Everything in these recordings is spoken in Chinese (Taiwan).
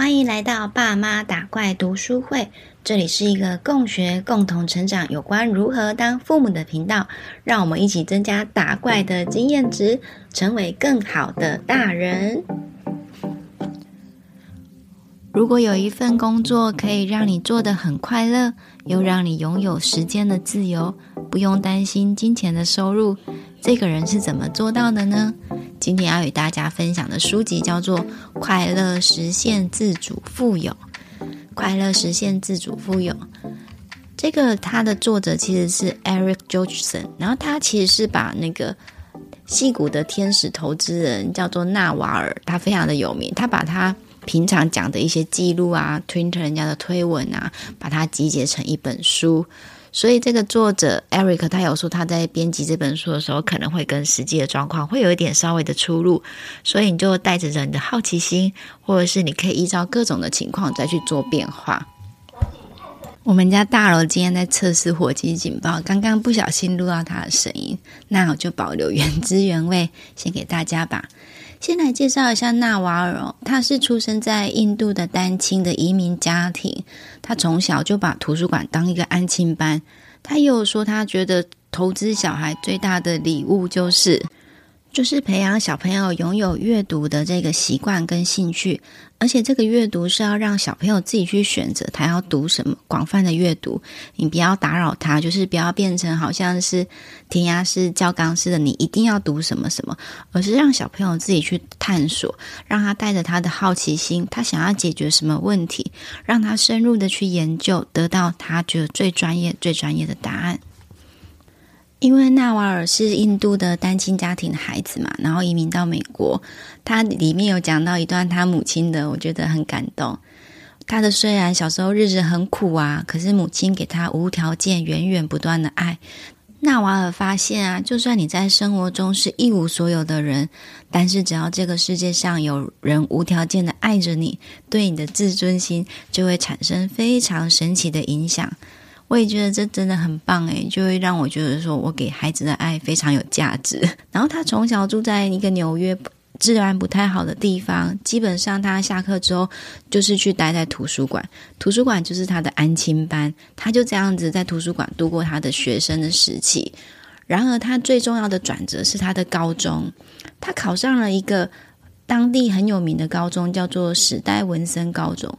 歡迎來到爸媽打怪讀書會，這裡是一個共學、共同成長有關如何當父母的頻道。讓我們一起增加打怪的經驗值，成為更好的大人。如果有一份工作可以讓你做得很快樂，又讓你擁有時間的自由，不用擔心金錢的收入，這個人是怎麼做到的呢？今天要與大家分享的書籍叫做《快樂實現自主富有》，《快樂實現自主富有》這個它的作者其實是 Eric Johnson，然後他其實是把那個矽谷的天使投資人叫做納瓦爾，他非常的有名，他把他平常講的一些記錄啊、Twitter 人家的推文啊，把它集結成一本書。所以，這個作者 Eric 他有說，他在編輯這本書的時候，可能會跟實際的狀況會有一點稍微的出入。所以，你就帶着著你的好奇心，或者是你可以依照各種的情況再去做變化。我們家大樓今天在測試火警警報，剛剛不小心錄到它的聲音，那我就保留原汁原味，先給大家吧。先來介紹一下納瓦爾，他是出生在印度的單親的移民家庭，他從小就把圖書館當一個安親班。他也有說，他覺得投資小孩最大的禮物就是。就是培養小朋友擁有閱讀的這個習慣跟興趣，而且這個閱讀是要讓小朋友自己去選擇他要讀什麼，廣泛的閱讀，你不要打擾他，就是不要變成好像是填鴨式、教綱式的，你一定要讀什麼什麼，而是讓小朋友自己去探索，讓他帶着他的好奇心，他想要解決什麼問題，讓他深入的去研究，得到他覺得最專業、最專業的答案。因為納瓦爾是印度的單親家庭的孩子嘛，然後移民到美國。他裡面有講到一段他母親的，我覺得很感動。他的雖然小時候日子很苦啊，可是母親給他無條件、源源不斷的愛。納瓦爾發現啊，就算你在生活中是一無所有的人，但是只要這個世界上有人無條件的愛着你，對你的自尊心就會產生非常神奇的影響。我也覺得這真的很棒哎，就會讓我覺得說我給孩子的愛非常有價值。然後他從小住在一個紐約治安不太好的地方，基本上他下課之後就是去待在圖書館，圖書館就是他的安親班，他就這樣子在圖書館度過他的學生的時期。然而他最重要的轉折是他的高中，他考上了一個當地很有名的高中，叫做史代文森高中。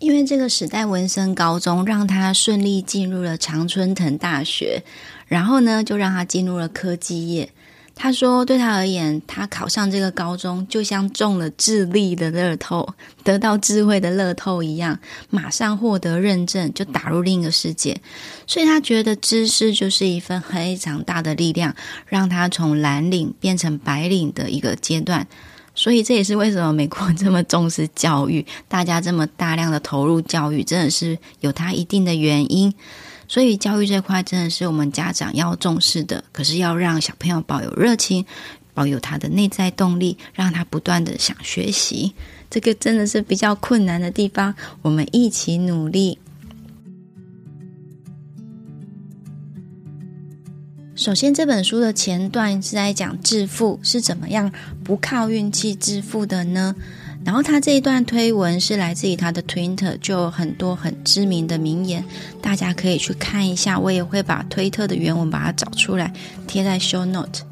因為這個時代文森高中，讓他順利進入了常春藤大學，然後呢，就讓他進入了科技業。他說，對他而言，他考上這個高中就像中了智力的樂透，得到智慧的樂透一樣，馬上獲得認證，就打入另一個世界。所以他覺得知識就是一份非常大的力量，讓他從藍領變成白領的一個階段。所以這也是為什麼美國這麼重視教育，大家這麼大量的投入教育，真的是有它一定的原因。所以教育這塊真的是我們家長要重視的，可是要讓小朋友保有熱情，保有他的內在動力，讓他不斷的想學習，這個真的是比較困難的地方，我們一起努力。首先，這本書的前段是在講致富是怎麼樣不靠運氣致富的呢？然後他這一段推文是來自於他的推特，就有很多很知名的名言，大家可以去看一下。我也會把推特的原文把它找出來貼在 show note。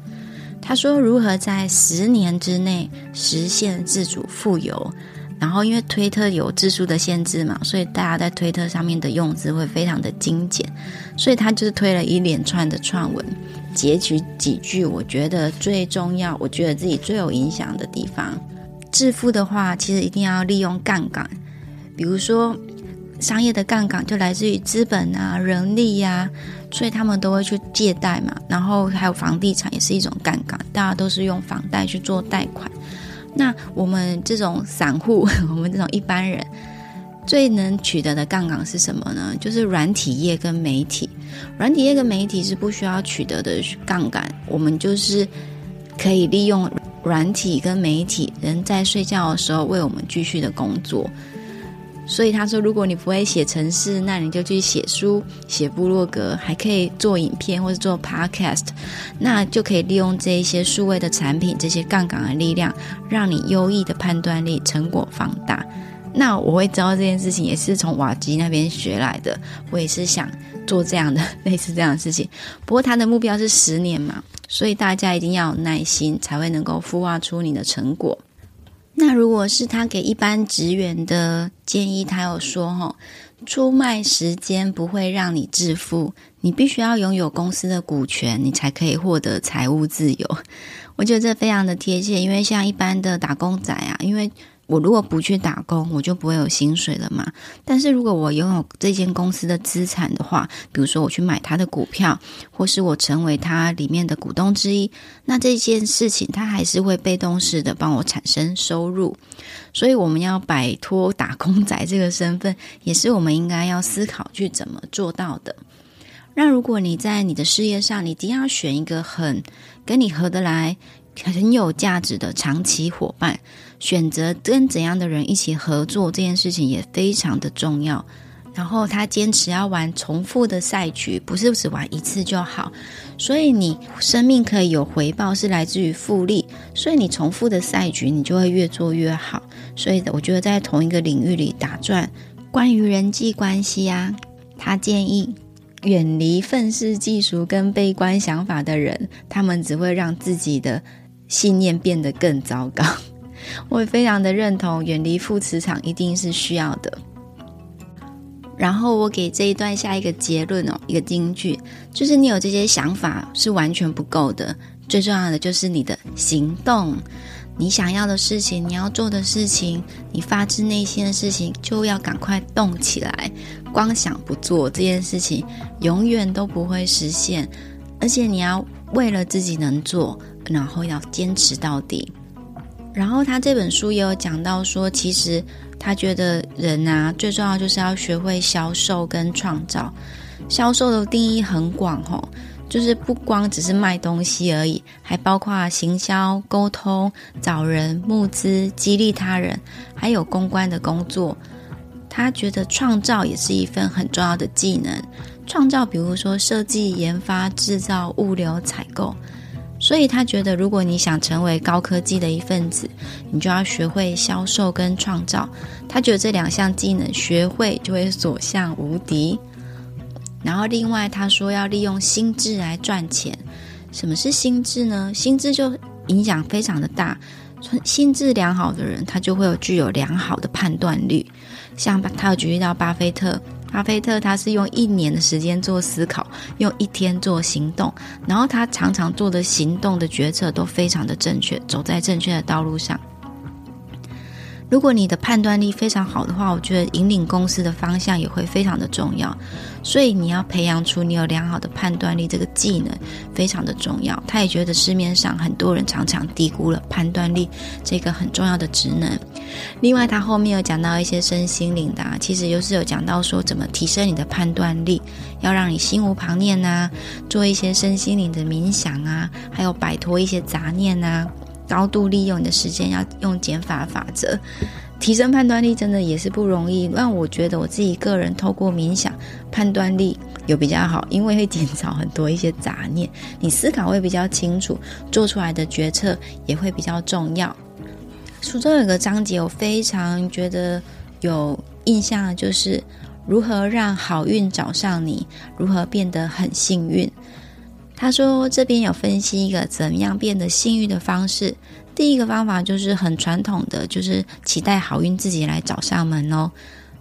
他說如何在十年之內實現自主富有。然後，因為推特有字數的限制嘛，所以大家在推特上面的用字會非常的精簡，所以他就是推了一連串的串文，截取幾句。我覺得最重要，我覺得自己最有影響的地方，致富的話，其實一定要利用槓桿。比如說，商業的槓桿就來自於資本啊、人力呀、啊，所以他們都會去借貸嘛。然後還有房地產也是一種槓桿，大家都是用房貸去做貸款。那我們這種散戶，我們這種一般人，最能取得的槓桿是什麼呢？就是軟體業跟媒體。軟體業跟媒體是不需要取得的槓桿，我們就是可以利用軟體跟媒體，人在睡覺的時候為我們繼續的工作。所以他說，如果你不會寫程式，那你就去寫書、寫部落格，還可以做影片或者做 podcast，那就可以利用這一些數位的產品，這些槓桿的力量，讓你優異的判斷力成果放大。那我會知道這件事情也是從瓦吉那邊學來的，我也是想做這樣的類似這樣的事情。不過他的目標是十年嘛，所以大家一定要有耐心，才會能夠孵化出你的成果。那如果是他給一般職員的建議，他有說吼，出賣時間不會讓你致富，你必須要擁有公司的股權，你才可以獲得財務自由。我覺得這非常的貼切，因為像一般的打工仔啊，因為。我如果不去打工，我就不會有薪水了嘛。但是如果我擁有這間公司的資產的話，比如說我去買他的股票，或是我成為他裡面的股東之一，那這件事情他還是會被動式的幫我產生收入。所以我們要擺脫打工仔這個身份，也是我們應該要思考去怎麼做到的。那如果你在你的事業上，你一定要選一個很跟你合得來、很有價值的長期伙伴。選擇跟怎樣的人一起合作，這件事情也非常的重要。然後他堅持要玩重複的賽局，不是只玩一次就好。所以你生命可以有回報，是來自於複利。所以你重複的賽局，你就會越做越好。所以我覺得在同一個領域裡打轉，關於人際關係啊，他建議遠離憤世嫉俗跟悲觀想法的人，他們只會讓自己的信念變得更糟糕。我也非常的認同，遠離負磁場，一定是需要的。然後我給這一段下一個結論哦，一個金句，就是你有這些想法是完全不夠的，最重要的就是你的行動。你想要的事情，你要做的事情，你發自內心的事情，就要趕快動起來。光想不做這件事情，永遠都不會實現。而且你要為了自己能做，然後要堅持到底。然後他這本書也有講到說，其實他覺得人啊，最重要就是要學會銷售跟創造。銷售的定義很廣哦，就是不光只是賣東西而已，還包括行銷、溝通、找人、募資、激勵他人，還有公關的工作。他覺得創造也是一份很重要的技能。創造，比如說設計、研發、制造、物流、採購。所以他覺得，如果你想成為高科技的一份子，你就要學會銷售跟創造。他覺得這兩項技能學會就會所向無敵。然後另外他說要利用心智來賺錢。什麼是心智呢？心智就影響非常的大。心智良好的人，他就會有具有良好的判斷力。像他有舉例到巴菲特。巴菲特他是用一年的時間做思考，用一天做行動，然後他常常做的行動的決策都非常的正確，走在正確的道路上。如果你的判斷力非常好的話，我覺得引領公司的方向也會非常的重要，所以你要培養出你有良好的判斷力，這個技能非常的重要。他也覺得市面上很多人常常低估了判斷力這個很重要的職能。另外，他後面有講到一些身心靈的啊，其實又是有講到說怎麼提升你的判斷力，要讓你心無旁念啊，做一些身心靈的冥想啊，還有擺脫一些雜念啊。高度利用你的時間，要用減法法則提升判斷力，真的也是不容易。讓我覺得我自己個人透過冥想，判斷力有比較好，因為會減少很多一些雜念，你思考會比較清楚，做出來的決策也會比較重要。書中有個章節我非常覺得有印象，就是如何讓好運找上你，如何變得很幸運。他說：“這邊有分析一個怎樣變得幸運的方式。第一個方法就是很傳統的，就是期待好運自己來找上門哦。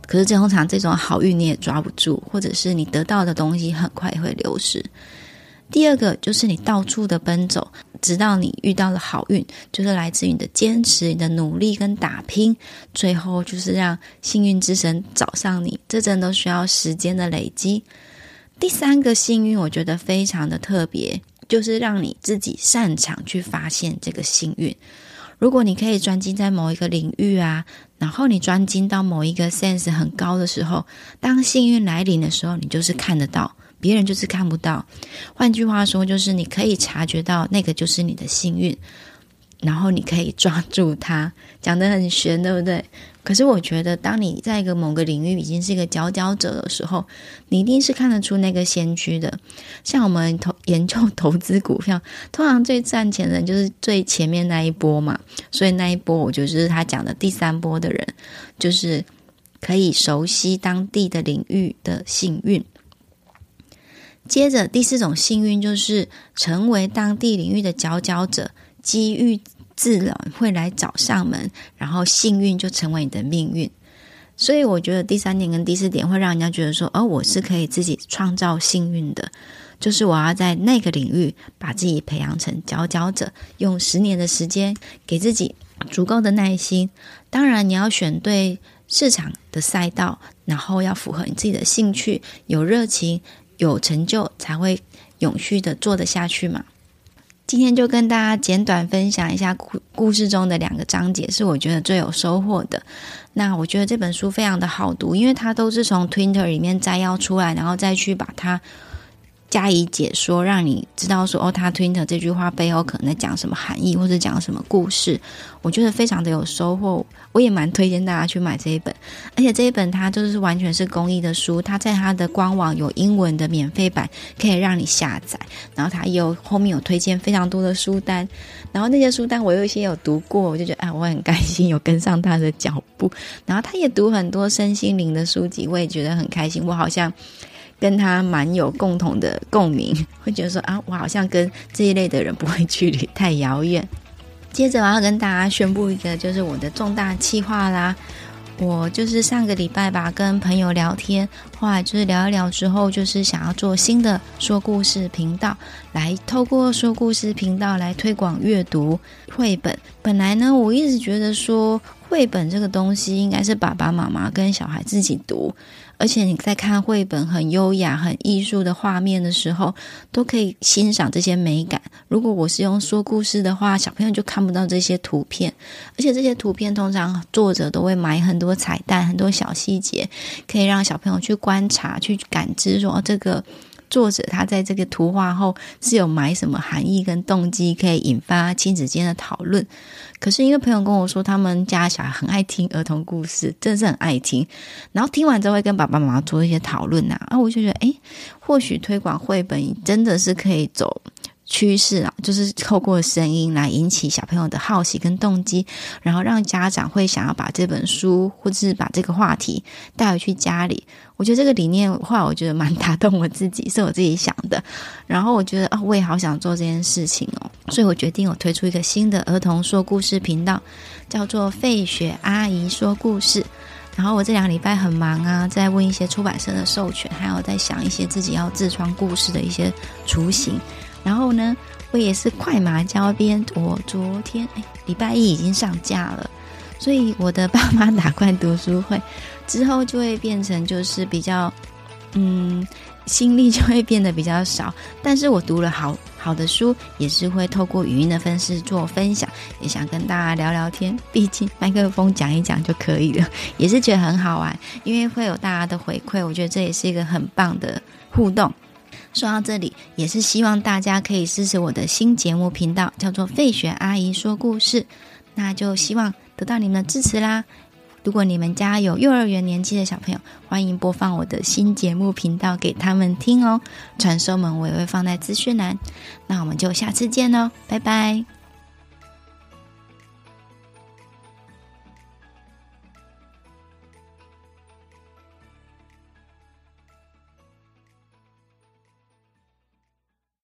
可是，通常這種好運你也抓不住，或者是你得到的東西很快也會流失。第二個就是你到處的奔走，直到你遇到了好運，就是來自於你的堅持、你的努力跟打拼，最後就是讓幸運之神找上你。這真的需要時間的累積。”第三個幸運，我覺得非常的特別，就是讓你自己擅長去發現這個幸運。如果你可以專精在某一個領域啊，然後你專精到某一個 sense 很高的時候，當幸運來臨的時候，你就是看得到，別人就是看不到。換句話說，就是你可以察覺到那個就是你的幸運，然後你可以抓住它。講得很玄，對不對？可是我覺得，當你在一個某個領域已經是一個佼佼者的時候，你一定是看得出那個先驅的。像我們投研究投資股票，通常最賺錢的人就是最前面那一波嘛。所以那一波，我覺得是他講的第三波的人，就是可以熟悉當地的領域的幸運。接着第四種幸運就是成為當地領域的佼佼者，機遇。自然會來找上門，然後幸運就成為你的命運。所以我覺得第三點跟第四點會讓人家覺得說，哦，我是可以自己創造幸運的，就是我要在那個領域把自己培養成佼佼者，用十年的時間給自己足夠的耐心。當然，你要選對市場的賽道，然後要符合你自己的興趣、有熱情、有成就，才會永續的做得下去嘛。今天就跟大家簡短分享一下故故事中的兩個章節，是我覺得最有收穫的。那我覺得這本書非常的好讀，因為它都是從 Twitter 裡面摘要出來，然後再去把它。加以解說，讓你知道說哦，他推特這句話背後可能在講什麼含義，或者講什麼故事，我覺得非常的有收穫。我也蠻推薦大家去買這一本，而且這一本它就是完全是公益的書，他在他的官網有英文的免費版可以讓你下載，然後他有後面有推薦非常多的書單，然後那些書單我有一些有讀過，我就覺得啊、哎，我很開心有跟上他的腳步，然後他也讀很多身心靈的書籍，我也覺得很開心，我好像。跟他蠻有共同的共鳴，會覺得說啊，我好像跟這一類的人不會距離太遙遠。接着我要跟大家宣布一個，就是我的重大計劃啦。我就是上個禮拜吧，跟朋友聊天，後來就是聊一聊之後，就是想要做新的說故事頻道，來透過說故事頻道來推廣閱讀繪本。本來呢，我一直覺得說。繪本這個東西應該是爸爸媽媽跟小孩自己讀，而且你在看繪本很優雅、很藝術的畫面的時候，都可以欣賞這些美感。如果我是用說故事的話，小朋友就看不到這些圖片，而且這些圖片通常作者都會埋很多彩蛋、很多小細節，可以讓小朋友去觀察、去感知說，哦，這個。作者他在這個圖畫後是有埋什麼含義跟動機，可以引發親子間的討論。可是一個朋友跟我說，他們家小孩很愛聽兒童故事，真的是很愛聽。然後聽完之後，會跟爸爸媽媽做一些討論吶，啊。啊，我就覺得，誒，或許推廣繪本真的是可以走。趨勢啊，就是透過聲音來引起小朋友的好奇跟動機，然後讓家長會想要把這本書或者是把這個話題帶回去家裡。我覺得這個理念的話，我覺得蠻打動我自己，是我自己想的。然後我覺得啊、哦，我也好想做這件事情哦，所以我決定我推出一個新的兒童說故事頻道，叫做費雪阿姨說故事。然後我這兩個禮拜很忙啊，在問一些出版社的授權，還有在想一些自己要自創故事的一些雛形。然後呢，我也是快馬加鞭。我昨天，哎，禮拜一已經上架了，所以我的爸媽打怪讀書會之後，就會變成就是比較，嗯，心力就會變得比較少。但是我讀了好好的書，也是會透過語音的方式做分享，也想跟大家聊聊天。畢竟麥克風講一講就可以了，也是覺得很好玩，因為會有大家的回饋，我覺得這也是一個很棒的互動。說到這裡，也是希望大家可以支持我的新節目頻道，叫做“費雪阿姨說故事”。那就希望得到你們的支持啦！如果你們家有幼兒園年紀的小朋友，歡迎播放我的新節目頻道給他們聽哦。傳送門我也會放在資訊欄。那我們就下次見嘍，哦，拜拜。